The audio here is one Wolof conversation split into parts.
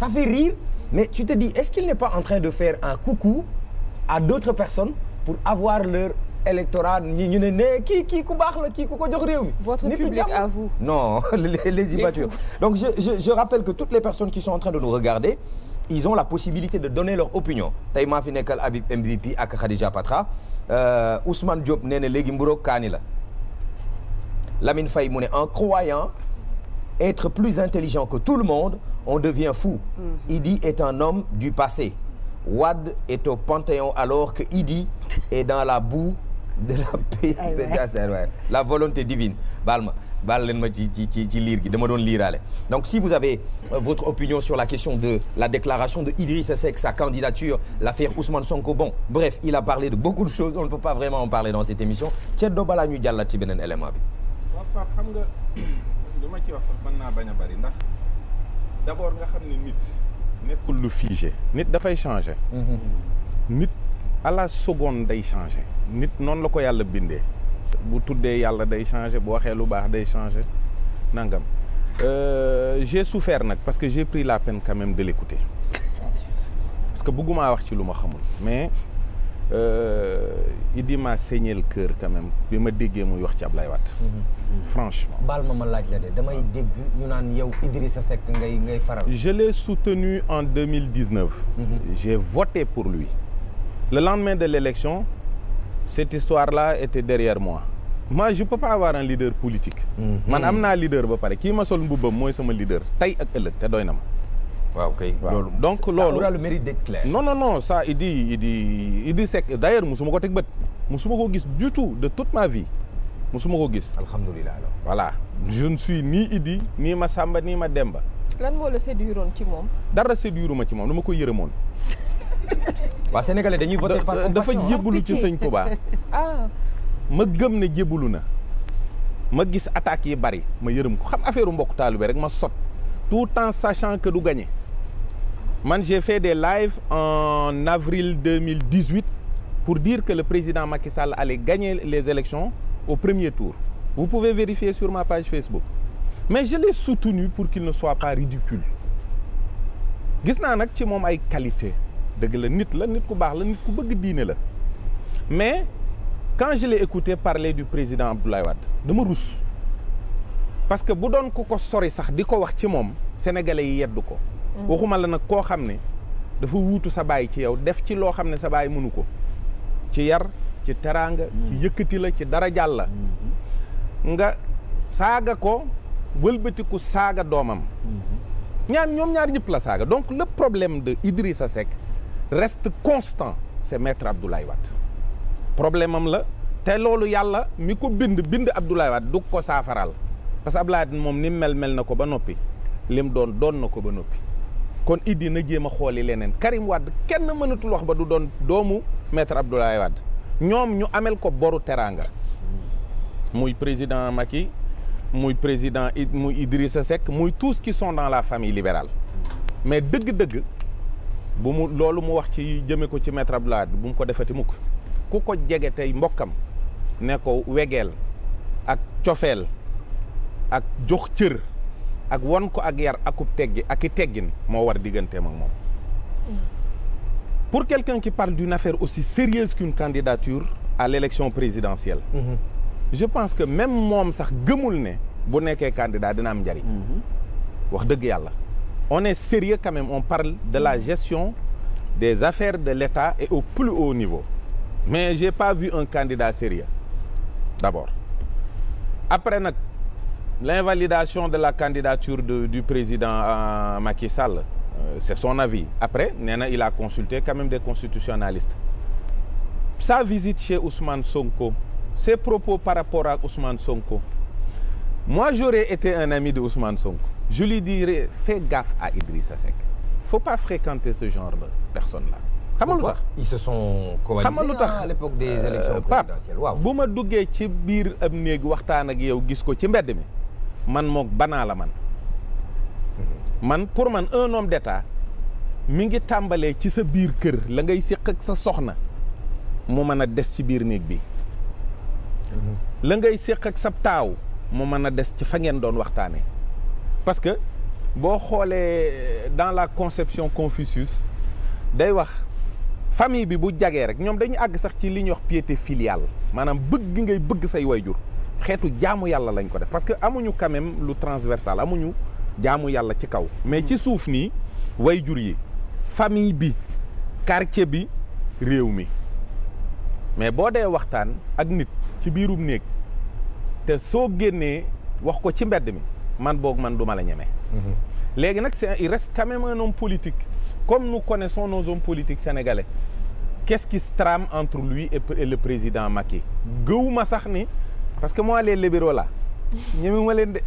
ça fait rire mais tu te dis est-ce qu'il n'est pas en train de faire un coucou à d'autres personnes pour avoir leur électorat ñi ñu ne ne kii kii ku baax la kii ku ko jox réew mi. votre public à vous. non les, les immatures donc je, je je rappelle que toutes les personnes qui sont en train de nous regarder ils ont la possibilité de donner leur opinion tey maa fi nekkal Habib MVP ak Khadija Patra euh, Ousmane Diop nee na léegi mburoog kaani la Lamine Faye mu ne en croyant. être plus intelligent que tout le monde, on devient fou. Mm. Idi est un homme du passé. Wade est au Panthéon alors que Idi est dans la boue de la paix. Ah la volonté divine. baal ma baal leen ma ci ci ci ci liir gi dama doon liiraale. donc si vous avez euh, votre opinion sur la question de la déclaration de Idrissa Seck sa candidature l'affaire Ousmane Sonko bon bref il a parlé de beaucoup de choses on ne peut pas vraiment en parler dans cette émission Thiedo balaa ñuy jàllat ci beneen élément bi. waaw xam nga. lu ma ci wax sax mën naa bañ a bari ndax d'abord nga xam ne nit nekkul lu figé nit dafay changer mhm. nit à la day changer nit noonu la ko yàlla bindee bu tuddee yàlla day changer bu waxee lu baax day changer nangam euh, j'ai souffert nag parce que j'ai pris la peine quand même de parce que bëgguma wax ci lu ma xamul mais Euh, Idy m'a saigné le cœur quand même bi ma déggee muy wax ci Ablaye Wade. Mhm. franchement. baal ma ma laaj la de damay dégg ñu naan yow Idrissa Seck ngay ngay faral. je l'ai soutenu en deux mille dix neuf. Mhm. voté pour lui. la lendemain de l'élection cette histoire-là était derrière moi. moi je peux pas avoir un leader politique. Mhm. man am naa leader ba pare kii ma sol mbubbam mooy sama leader tey ak ëllëg te doy na ma. waaw kay loolu donc loolu ça aura le mérite d'être clair. non non non ça Idy Idy Idy Seck d'ailleurs musuma ko teg bët musuma ko gis du tout de toute ma vie musuma ko gis. alhamdulilah voilà je ne suis ni Idy ni Massamba ni Mademba. lan moo la séduiroon ci moom. dara séduiruma ci moom ma koy yërëmoon. waa sénégalais dañuy voter par compassion dafa jébbalu ci sëñ Touba. ah. ma gëm ne jébbalu na ma gis attaques yi bari ma yërëm ko xam affaire mbokk bi rek ma sot tout en sachant que du gagné. man j'ai fait des lives en avril 2018 pour dire que le président Macky Sall allait gagner les élections au premier tour vous pouvez vérifier sur ma page Facebook mais je l'ai soutenu pour qu'il ne soit pas ridicule gis naa nag ci moom ay qualité dëgg la nit la nit ku baax la nit ku bëgg diine la mais quand je l'ai écouté parler du président Abdoulaye Wade dama rus parce que bu doon ko ko sori sax di ko wax ci moom sénégalais yi yeddu ko Mhm. waxuma la nag koo xam ne dafa wuutu sa baay ci yow def ci loo xam ne sa baay mënu ko ci yar ci teraanga mhm. ci yëkkati la ci dara jàll la mhm. nga saaga ko wëlbatiku saaga doomam ñaar ñoom ñaar ñëpp la saaga donc le problème de Idrissa Seck reste constant c'est maître Abdoulaye Wade problème am la te loolu yàlla mi ko bind bind Abdoulaye Wade du ko saafaral parce que moom ni mel mel na ko ba noppi lim doon doon na ko ba noppi kon Idy na jéem a xooli leneen Karim Wade kenn mënatul wax ba du doon doomu maître Abdoulaye Wade ñoom ñu ameel ko boru teraanga muy président Macky muy président muy Idrissa Seck muy tous qui sont dans la famille libérale mais dëgg-dëgg bu mu loolu mu wax ci jëme ko ci maître Abdoulaye Wade bu mu ko defati mukk ku ko jege tey mbokkam ne ko wegeel ak cofeel ak jox cër ak won ko ak yar akub teggi ak i teggin moo war digganteem ak moom mm. pour quelqu'un qui parle d'une affaire aussi sérieuse qu'une candidature à l'élection présidentielle mm-hmm. je pense que même moom sax gëmul ne bu nekkee candidat dina am njariñ mm-hmm. wax dëgg yàlla on est sérieux quand même on parle de la gestion des affaires de l'État et au plus haut niveau mais j'ai pas vu un candidat sérieux d'abord après nag l'invalidation de la candidature de, du président euh, Macky Sall euh, c'est son avis après nee na il a consulté quand même des constitutionaliste sa visite chez Ousmane Sonko ses propos par rapport à Ousmane Sonko moi j'aurais été un ami de Ousmane Sonko je lui dirais fais gaffe à Idrissa Seck faut pas fréquenter ce genre de personnes là xam nga lu tax ils se sont à l'époque euh, waaw bu ma duggee ci biir am néeg waxtaan ak yow gis ko ci mbedd mi man moog banaa la man man pour man un homme d'état mi ngi tàmbalee ci sa biir kër la ngay séq ak sa soxna mu mën a des ci biir néeg bi la ngay séq ak sa taaw mu mën a des ci fa ngeen doon waxtaane parce que boo xoolee euh, dans la conception Confucius day wax famille bi bu jagee rek ñoom dañu àgg sax ci li ñuy wax piété filiale maanaam bëgg ngay bëgg say wayjur xeetu jaamu yàlla lañ ko def parce que amuñu quand lu transversal amuñu jaamu yàlla ci kaw mais ci suuf nii way jur yi famille bi quartier bi réew mi mais boo dee waxtaan ak nit ci biirum néeg te soo génnee wax ko ci mbedd mi man boog man duma la ñeme mhm. léegi nag c'est il reste quand même un politique comme nous connaissons nos hommes politiques sénégalais qu'est-ce qui se trame entre lui et le président Macky gëwuma sax ni parce que moi les libéraux là ñeme ma leen de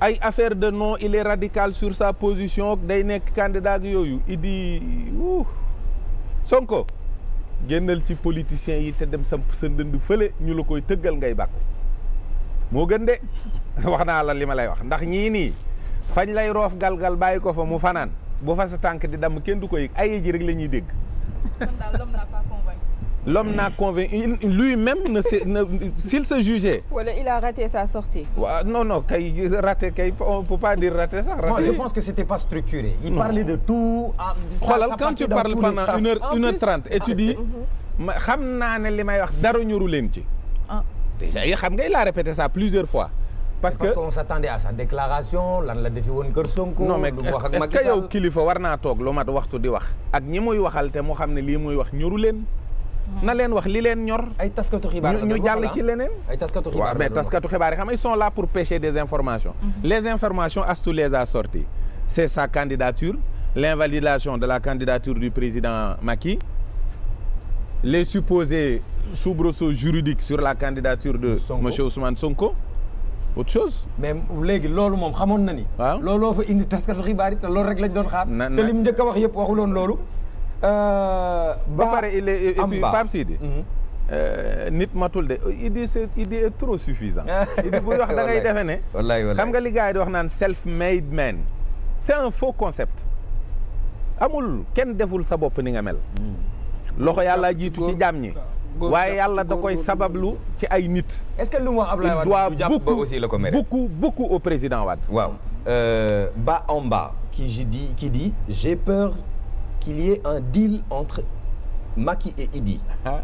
ay affaire de non il est sur sa position day nekk candidat ak yooyu Idi Sonko génnal ci politiciens yi te dem sa sa ndënd fële ñu la koy tëggal ngay bàkku moo gën de wax naa la li ma lay wax ndax ñii nii fañ lay roof galgal bàyyi ko fa mu fanaan bu fa sa tànk di damm kenn du koy ay ji rek la ñuy dégg l'homme n'a convaincu lui-même ne s'il se jugeait wala il a raté sa sortie ouais, non non kay raté kay on peut pas dire raté ça raté. moi je que c'était pas structuré il non. de tout ah, xoolal quand tu parles pendant une heure une heure trente et ah, mm-hmm. ma xam naa ne li may wax dara ñoru leen ci ah. déjà yi xam nga il a répété ça plusieurs fois parce que on s'attendait à sa déclaration lan la defi woon Kër Sonko non mais est-ce que kilifa war naa toog lu mat waxtu di wax ak ñi muy waxal te mu xam ne lii muy wax ñoru leen na leen wax li leen ñor. ay taskatu xibaar ñu jàll ci ah? leneen. ay taskatu xibaar waaw mais taskatu xibaar yi xam nga ils sont là pour pêcher des informations. Mhm. les informations Astou les a sorties c'est sa candidature l'invalidation de la candidature du président Macky les supposés soubresauts juridiques sur la candidature de. Sonko. monsieur Ousmane Sonko. autre chose. mais léegi loolu moom xamoon na ni. waaw looloo fa indi taskatu xibaar yi te loolu rek lañ doon xaar. te lim njëkk a wax yëpp waxuloon loolu. Euh, ba pare il est et puis Pape Sidi mhm. euh, nit matul de euh, Idy c'est Idy est trop suffisant ah. Idy buy wax da defe ne xam nga li yi di wax naan self made man c'est un faux concept amul kenn deful sa bopp ni nga mel hmm. loxo yàllaa jiitu ci jaam ñi waaye yàlla da koy sabablu ci ay nit est-ce que lu mu wax Abdoulaye doit beaucoup aussi la ko mérite beaucoup au président Wade waaw bas en bas qui dit j'ai peur qu'il y ait un deal entre Macky et Idi. Ah.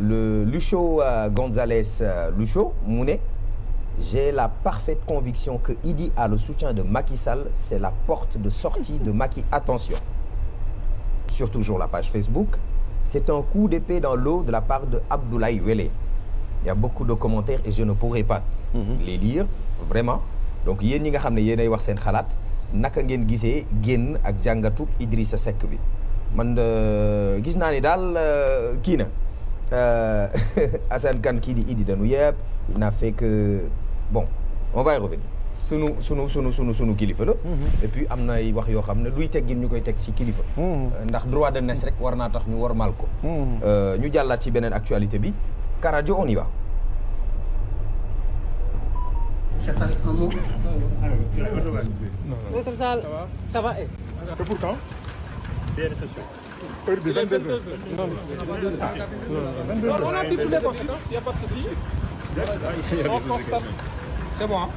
le Lucho euh, González euh, Lucho mu ne j'ai la parfaite conviction que Idi a le soutien de Macky Sall c'est la porte de sortie de Macky attention sur toujours la page Facebook c'est un coup d'épée dans l'eau de la part de Abdoulaye Wele il y a beaucoup de commentaires et je ne pourrai pas mm -hmm. les lire vraiment donc yéen ñi nga xam ne yéenay wax seen xalaat naka ngeen gisee génn ak jàngatu sa sekk bi man euh, gis naa ni daal euh, kii na euh, Assane Kane kii di Idi danu yëpp il n'a fait que bon on sunu sunu sunu sunu sunu kilifa la. Mhm. et am na ay wax yoo xam ne luy teggin ñu koy teg ci kilifa. Mhm. ndax droit de nes rek war naa tax ñu war mal ko. Mhm. ñu jàllaat ci beneen actualité bi Karajo on y va. Maître Tall ça va c'est pour quand heure bi 22 heures on a dit toutes les conséquences il n'y a pas de souci on constate c'est bon hein?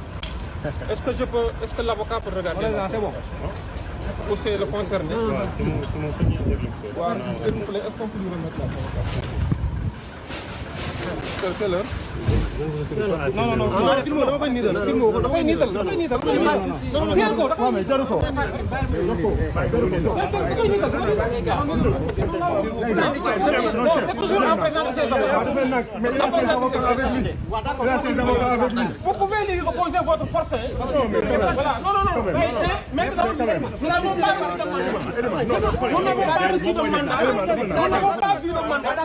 est-ce que je peux est-ce que l'avocat peut regarder c'est bon ou c'est le concerné c'est mon c'est mon premier s'il vous plaît est-ce qu'on peut lui remettre la c'est l'heure non non non film da koy niital film da koy niital da koy niital non non jël ko da koy niital ko Vous pouvez lui opposer votre force voilà non non non mais nous n'avons pas reçu de mandat nous n'avons pas reçu de mandat nous n'avons pas vu de mandat